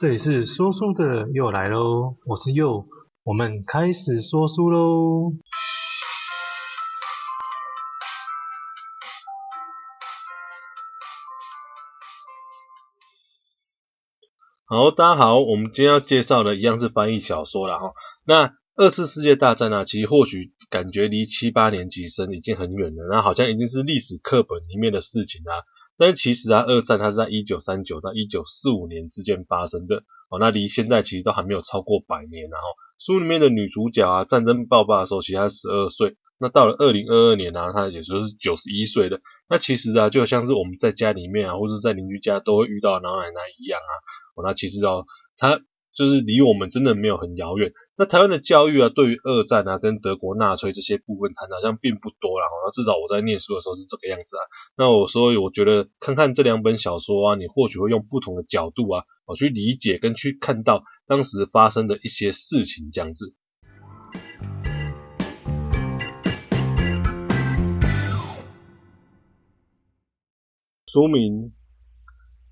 這裡是說書的又來嘍，我是佑，我們開始說書嘍。好，大家好，我們今天要介紹的一樣是翻譯小說了哈。那二次世界大戰呢、啊，其實或許感覺離七八年級生已經很遠了，那好像已經是歷史課本裡面的事情啊。但其實啊，二戰它是在一九三九到一九四五年之間發生的哦，那離現在其實都還沒有超過百年，然後、啊、哈。書裡面的女主角啊，戰爭爆發的時候，其實她十二歲，那到了二零二二年啊，她也就是九十一歲的。那其實啊，就好像是我們在家裡面啊，或者在鄰居家都會遇到老奶奶一樣啊。哦、那其實哦、啊，她。就是離我們真的沒有很遙遠。那台灣的教育啊，對於二戰啊跟德國納粹這些部分，談的好像並不多啦。那至少我在念書的時候是這個樣子啊。那我說，我覺得看看這兩本小說啊，你或許會用不同的角度啊，我去理解跟去看到當時發生的一些事情這樣子。書名，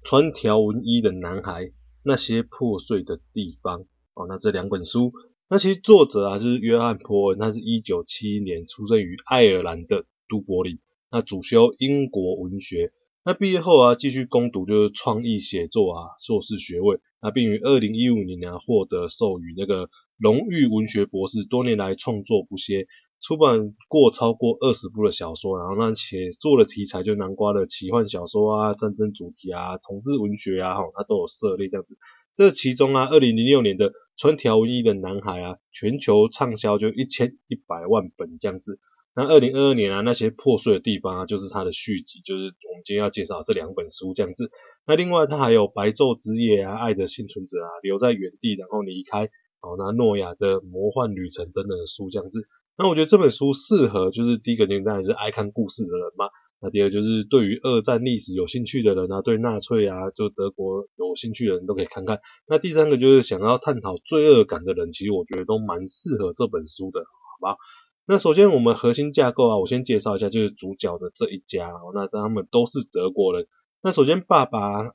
穿條紋衣的男孩。那些破碎的地方哦，那這兩本書，那其實作者啊就是約翰·波恩，他是一九七一年出生於愛爾蘭的都柏林，那主修英國文學，那畢業後啊繼續攻讀就是創意寫作啊碩士學位，那並於二零一五年啊獲得授予那個榮譽文學博士，多年來創作不懈。出版過超過二十部的小說，然後那寫作的題材就南瓜的奇幻小說啊、戰爭主題啊、同志文學啊，吼，它都有涉獵這樣子。這其中啊，二零零六年的穿條紋衣的男孩啊，全球暢銷就一千一百萬本這樣子。那二零二二年啊，那些破碎的地方啊，就是他的續集，就是我們今天要介紹這兩本書這樣子。那另外他還有白晝之夜啊、愛的幸存者啊、留在原地然後離開，好那諾亞的魔幻旅程等等的書這樣子。那我覺得這本書適合，就是第一個年代是愛看故事的人嘛。那第二個就是對於二戰歷史有興趣的人啊，對納粹啊，就德國有興趣的人都可以看看。那第三個就是想要探討罪惡感的人，其實我覺得都蠻適合這本書的，好吧？那首先我們核心架構啊，我先介紹一下，就是主角的這一家哦，那他們都是德國人。那首先爸爸，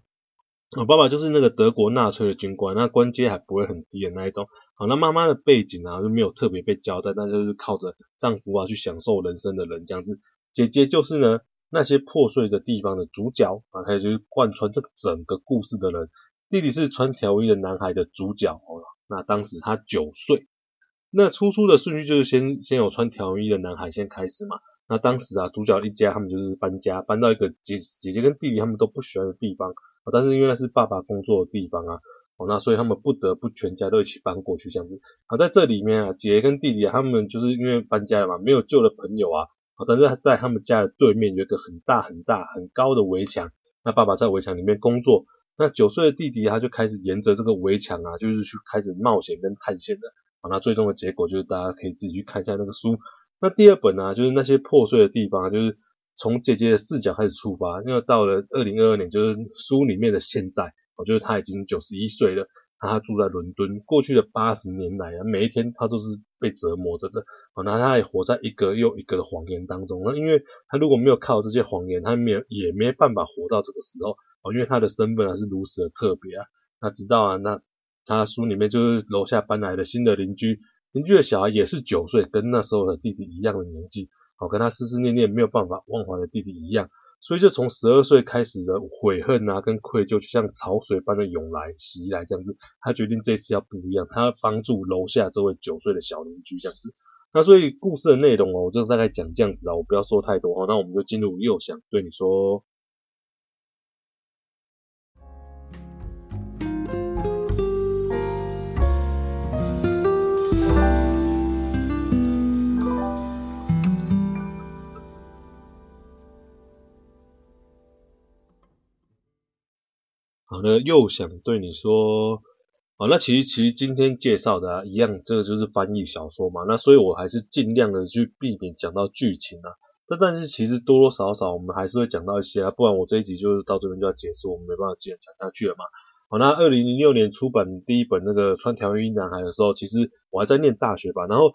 哦，爸爸就是那個德國納粹的軍官，那官階還不會很低的那一種。好，那媽媽的背景啊，就沒有特別被交代，那就是靠着丈夫啊去享受人生的人，這樣子。姐姐就是呢那些破碎的地方的主角啊，還有就是貫穿這個整個故事的人。弟弟是穿條紋衣的男孩的主角哦。那當時他九歲，那出書的順序就是先先有穿條紋衣的男孩先開始嘛。那當時啊，主角一家他們就是搬家，搬到一個姐姐姐跟弟弟他們都不喜歡的地方啊，但是因為那是爸爸工作的地方啊。那所以他們不得不全家都一起搬過去這樣子。好，在這裡面啊，姐姐跟弟弟啊，他們就是因為搬家了嘛，沒有舊的朋友啊。好，但是在他們家的對面有一個很大很大很高的圍牆，那爸爸在圍牆裡面工作。那九歲的弟弟他就開始沿着這個圍牆啊，就是去開始冒險跟探險了。好，那最終的結果就是大家可以自己去看一下那個書。那第二本呢、啊，就是那些破碎的地方，啊，就是從姐姐的視角開始出發，因為到了二零二二年就是書裡面的現在。就是他已經九十一歲了，他住在倫敦。過去的八十年來啊，每一天他都是被折磨着的。哦，那他也活在一個又一個的謊言當中。那因為他如果沒有靠這些謊言，他沒有也沒辦法活到這個時候。哦，因為他的身份還是如此的特別啊。那直到啊，那他書裡面就是樓下搬來了新的鄰居，鄰居的小孩也是九歲，跟那時候的弟弟一樣的年紀。哦，跟他思思念念沒有辦法忘懷的弟弟一樣。所以就從十二歲開始的悔恨啊，跟愧疚，就像潮水般的湧來襲來這樣子。他決定這次要不一樣，他要幫助樓下這位九歲的小鄰居這樣子。那所以故事的內容哦，我就大概講這樣子啊，我不要說太多哦。那我們就進入《又想對你說》。好的，那又想對你說，好，那其實其實今天介紹的、啊、一樣，這個就是翻譯小說嘛。那所以我還是儘量的去避免講到劇情啊。那但，但是其實多多少少我們還是會講到一些啊，不然我這一集就是到這邊就要結束，我們沒辦法接着講下去了嘛。好，那二零零六年出版第一本那個穿條紋衣男孩的時候，其實我還在念大學吧，然後。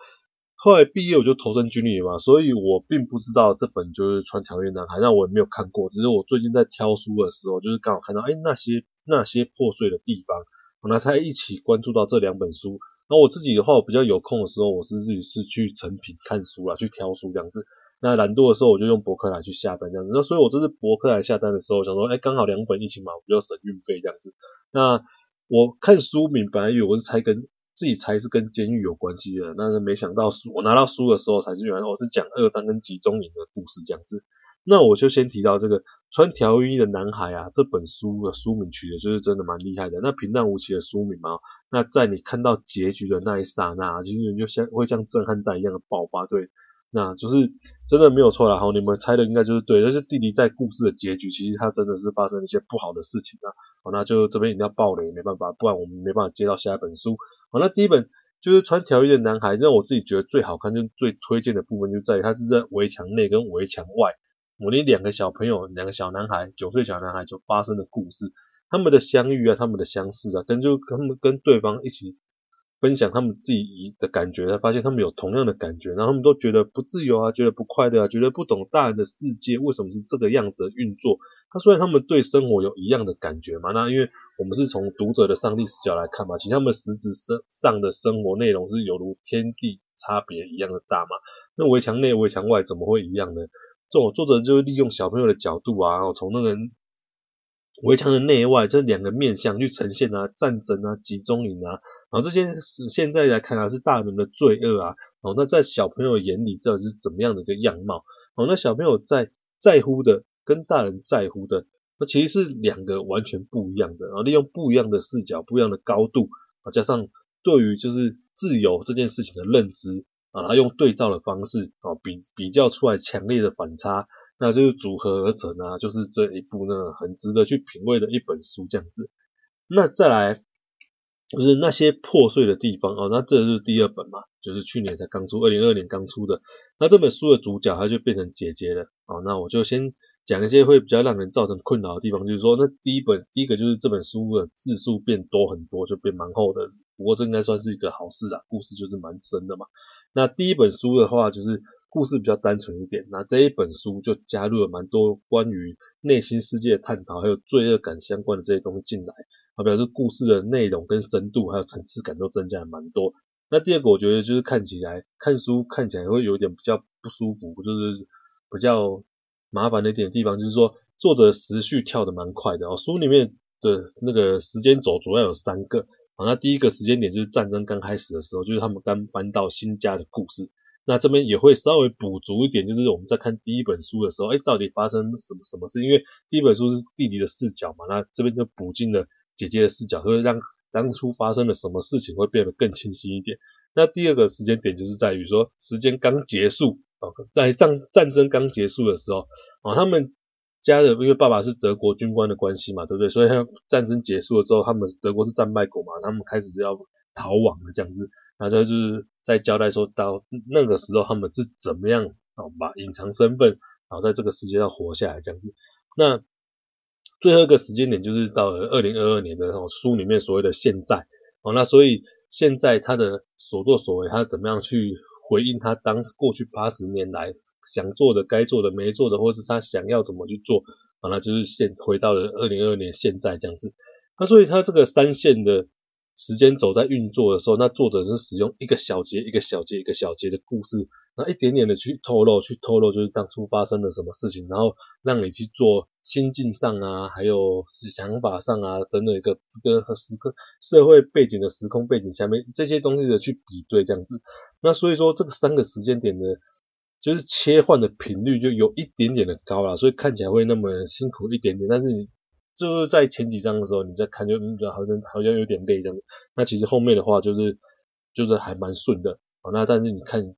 後來畢業我就投身軍旅嘛，所以我並不知道這本就是《穿條紋衣的男孩》，那我也沒有看過。只是我最近在挑書的時候，就是剛好看到，誒那些那些破碎的地方，我那才一起關注到這兩本書。那我自己的話，我比較有空的時候，我是自己是去誠品看書啦，去挑書這樣子。那懶惰的時候，我就用博客來去下單這樣子。那所以我這次博客來下單的時候，想說，哎，剛好兩本一起買，我比較省運費這樣子。那我看書名，本來以為我是拆跟。自己猜是跟監獄有關係的，但是沒想到書，我拿到書的時候才是原來我是講二戰跟集中營的故事這樣子。那我就先提到這個穿條紋衣的男孩啊，這本書的書名取的就是真的蠻厲害的。那平淡無奇的書名嘛，那在你看到結局的那一剎那，就就像會像震撼彈一樣的爆發，對。那就是真的沒有錯了，好，你們猜的應該就是對，但、就是弟弟在故事的結局，其實他真的是發生了一些不好的事情啊，好，那就這邊一定要爆雷也沒辦法，不然我們沒辦法接到下一本書，好，那第一本就是穿條紋衣的男孩，讓我自己覺得最好看，就最推薦的部分就在於他是在圍牆內跟圍牆外，我那兩個小朋友，兩個小男孩，九歲小男孩就發生的故事，他們的相遇啊，他們的相似啊，跟就他們跟對方一起。分享他們自己一的感覺，才發現他們有同樣的感覺，然後他們都覺得不自由啊，覺得不快樂啊，覺得不懂大人的世界為什麼是這個樣子的運作。他雖然他們對生活有一樣的感覺嘛，那因為我們是從讀者的上帝視角來看嘛，其實他們實質上的生活內容是猶如天地差別一樣的大嘛。那圍牆內圍牆外怎麼會一樣呢？這種作者就利用小朋友的角度啊，然後從那個人。圍牆的內外這、就是、兩個面向去呈現啊，戰爭啊，集中營啊，然後這些現在來看啊是大人的罪惡啊，哦，那在小朋友眼裡到底是怎麼樣的一個樣貌？哦，那小朋友在在乎的跟大人在乎的，那其實是兩個完全不一樣的。然後利用不一樣的視角、不一樣的高度，啊，加上對於就是自由這件事情的認知啊，用對照的方式啊，比比較出來強烈的反差。那就是組合而成啊，就是這一部呢，很值得去品味的一本書這樣子。那再來就是那些破碎的地方啊、哦。那這就是第二本嘛，就是去年才剛出，二零二二年剛出的。那這本書的主角他就變成姐姐了啊、哦。那我就先講一些會比較讓人造成困擾的地方，就是說，那第一本第一個就是這本書的字數變多很多，就變蠻厚的。不過這應該算是一個好事啊，故事就是蠻深的嘛。那第一本書的話就是。故事比較單純一點，那這一本書就加入了蠻多關於內心世界的探討，還有罪惡感相關的這些東西進來，好，表示故事的內容跟深度還有層次感都增加了蠻多。那第二個我覺得就是看起來看書看起來會有點比較不舒服，就是比較麻煩的一點的地方，就是說作者時序跳得蠻快的啊、哦。書裡面的那個時間軸主要有三個，好，那第一個時間點就是戰爭剛開始的時候，就是他們剛搬到新家的故事。那這邊也會稍微補足一點，就是我們在看第一本書的時候，哎、欸,到底發生什麼什麼事？因為第一本書是弟弟的視角嘛,那這邊就補進了姐姐的視角，所以讓當初發生了什麼事情會變得更清晰一點。那第二個時間點就是在於說，時間剛結束，在戰戰爭剛結束的時候，啊他們家的因為爸爸是德國軍官的關係嘛，對不對？所以他戰爭結束了之後，他們德國是戰敗國嘛，他們開始是要逃亡的這樣子。然後就是在交代說，到那個時候他們是怎麼樣哦，把隱藏身份，然後在這個世界上活下來這樣子。那最後一個時間點就是到了二零二二年的書裡面所謂的現在哦，那所以現在他的所作所為，他怎麼樣去回應他當過去八十年來想做的、該做的、沒做的，或是他想要怎麼去做，啊，那就是現回到了二零二二年現在這樣子。那所以他這個三線的時間軸在運作的時候，那作者是使用一個小節、一個小節、一個小節的故事，然後一點點的去透露、去透露，就是當初發生了什麼事情，然後讓你去做心境上啊，還有想法上啊等等一個這個時刻社會背景的時空背景下面這些東西的去比對這樣子。那所以說，這個三個時間點的，就是切換的頻率就有一點點的高啦，所以看起來會那麼辛苦一點點，但是你就是在前幾章的時候，你再看就嗯，好像好像有點累，這樣子，那其實後面的話就是就是還蠻順的。哦，那但是你看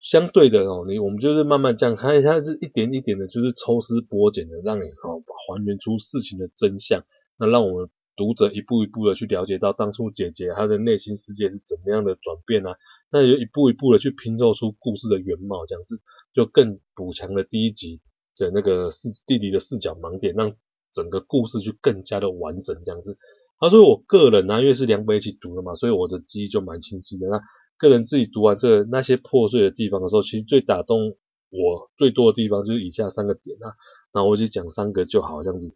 相對的哦，你我們就是慢慢這樣，它它是一點一點的，就是抽絲剝繭的，讓你哦還原出事情的真相，那讓我們讀者一步一步的去了解到當初姐姐她的內心世界是怎麼樣的轉變啊。那就一步一步的去拼湊出故事的原貌，這樣子就更補強了第一集的那個視弟弟的視角盲點，讓整個故事就更加的完整這樣子。他、啊、說：“所以我個人呢、啊，因為是兩本一起讀的嘛，所以我的記憶就蠻清晰的。那個人自己讀完這個、那些破碎的地方的時候，其實最打動我最多的地方就是以下三個點啊。然後我就講三個就好這樣子。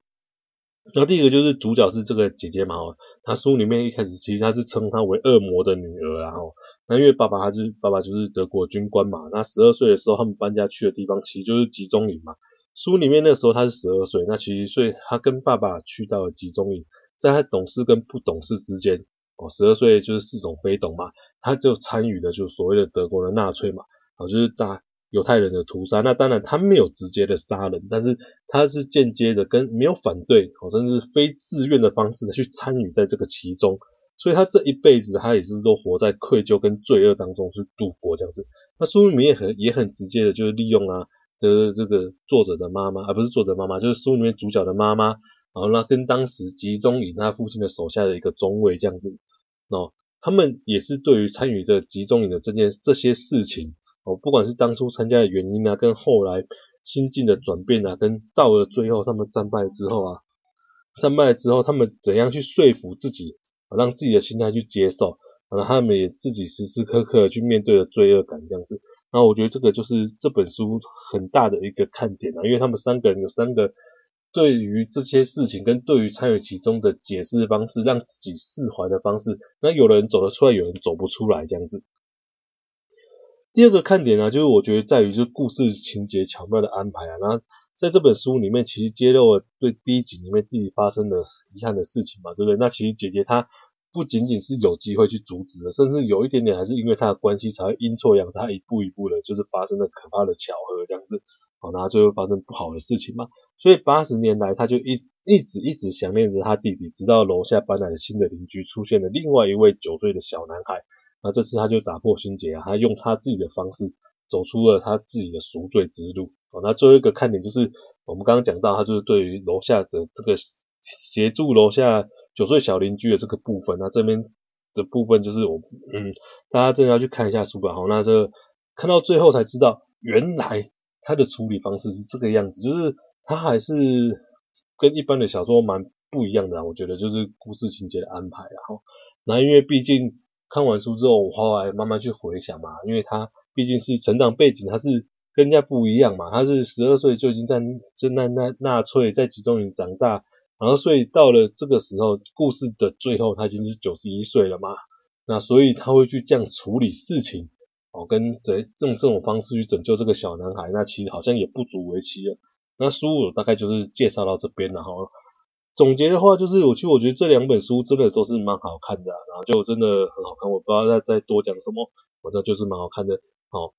那第一個就是主角是這個姐姐嘛，她、哦、他書裡面一開始其實她是稱她為惡魔的女兒、啊，然、哦、後那因為爸爸他是爸爸就是德國軍官嘛，那十二歲的時候他們搬家去的地方其實就是集中營嘛。”書裡面那個時候他是十二歲，那其實所以他跟爸爸去到了集中營，在他懂事跟不懂事之間哦，十二歲就是似懂非懂嘛，他就參與了，就是所謂的德國的納粹嘛，啊、哦、就是打猶太人的屠殺。那當然他沒有直接的殺人，但是他是間接的跟沒有反對、哦、甚至非自願的方式去參與在這個其中，所以他這一輩子他也是都活在愧疚跟罪惡當中去度過這樣子。那書裡面也很也很直接的就是利用啊。的這個作者的媽媽，而、啊、不是作者的媽媽，就是書裡面主角的媽媽。然後，那跟當時集中營他父親的手下的一個中尉這樣子，哦、他們也是對於參與這集中營的這件這些事情，哦，不管是當初參加的原因啊，跟後來心境的轉變啊，跟到了最後他們戰敗之後啊，戰敗之後他們怎樣去說服自己，啊、讓自己的心態去接受、啊，然後他們也自己時時刻刻的去面對的罪惡感這樣子。那我覺得這個就是這本書很大的一個看點了、啊，因為他們三個人有三個對於這些事情跟對於參與其中的解釋方式，讓自己釋懷的方式。那有人走得出來，有人走不出來這樣子。第二個看點呢、啊，就是我覺得在於就是故事情節巧妙的安排啊。那在這本書裡面，其實揭露了對第一集裡面弟弟發生的遺憾的事情嘛，對不對？那其實姐姐她。不僅僅是有機會去阻止的，甚至有一點點還是因為他的關係才會陰錯陽差，他一步一步的，就是發生了可怕的巧合這樣子，好，然後最後發生不好的事情嘛。所以八十年來，他就一一直一直想念着他弟弟，直到樓下搬來了新的鄰居，出現了另外一位九歲的小男孩。那這次他就打破心結啊，他用他自己的方式走出了他自己的贖罪之路。好，那最後一個看點就是我們剛剛講到，他就是對於樓下的這個協助樓下。九歲小鄰居的這個部分，那這邊的部分就是我，嗯，大家真的要去看一下書本，好，那這看到最後才知道，原來他的處理方式是這個樣子，就是他還是跟一般的小說蠻不一樣的，啊，我覺得就是故事情節的安排，啊，然後那因為畢竟看完書之後，我後來慢慢去回想嘛，因為他畢竟是成長背景，他是跟人家不一樣嘛，他是十二歲就已經在就在納納粹在集中營長大。然後，所以到了這個時候，故事的最後，他已經是九十一歲了嘛？那所以他會去這樣處理事情，哦，跟這用這種方式去拯救這個小男孩？那其實好像也不足為奇了。那書我大概就是介紹到這邊了，後，哦，總結的話就是，我其實我覺得這兩本書真的都是蠻好看的，然後就真的很好看，我不知道再再多講什麼，反正就是蠻好看的。好，哦，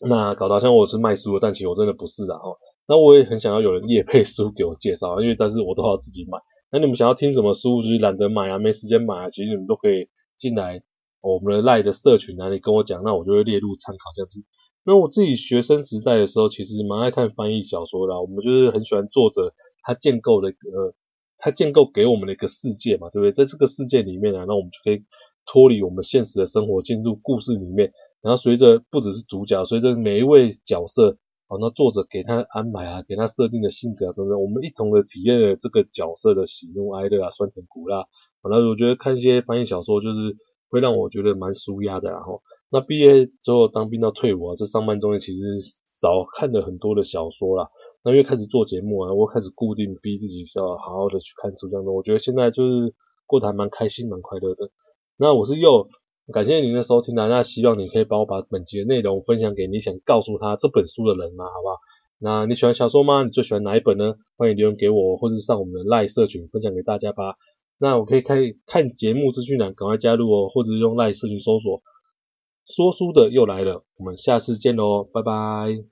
那搞得好像我是賣書的，但其實我真的不是的哦。那我也很想要有人業配書給我介紹，因為但是我都要自己買。那你們想要聽什麼書，就是懶得買啊，沒時間買啊，其實你們都可以進來、哦、我們的賴的社群那、啊、裡跟我講，那我就會列入參考這樣子。那我自己學生時代的時候，其實蠻愛看翻譯小說的、啊，我們就是很喜歡作者他建構的呃，他建構給我們的一個世界嘛，對不對？在這個世界裡面呢、啊，那我們就可以脫離我們現實的生活，進入故事裡面，然後隨着不只是主角，隨着每一位角色。好、哦，那作者給他安排啊，給他設定的性格、啊、等等，我們一同的體驗了這個角色的喜怒哀樂啊，酸甜苦辣。好、哦，那我覺得看一些翻譯小說就是會讓我覺得蠻舒壓的。然後，那畢業之後當兵到退伍啊，這上班中間其實少看了很多的小說了。那因為開始做節目啊，我開始固定逼自己要好好的去看書，這樣子。我覺得現在就是過得還蠻開心、蠻快樂的。那我是又。感謝您的收聽啦、啊，那希望你可以幫我把本集的內容分享給你想告訴他這本書的人嘛，好不好？那你喜歡小說嗎？你最喜歡哪一本呢？歡迎留言給我，或者上我們的 LINE 社群分享給大家吧。那我可以看看節目資訊呢、啊，趕快加入哦，或者是用 LINE 社群搜索說書的又來了，我們下次見嘍，拜拜。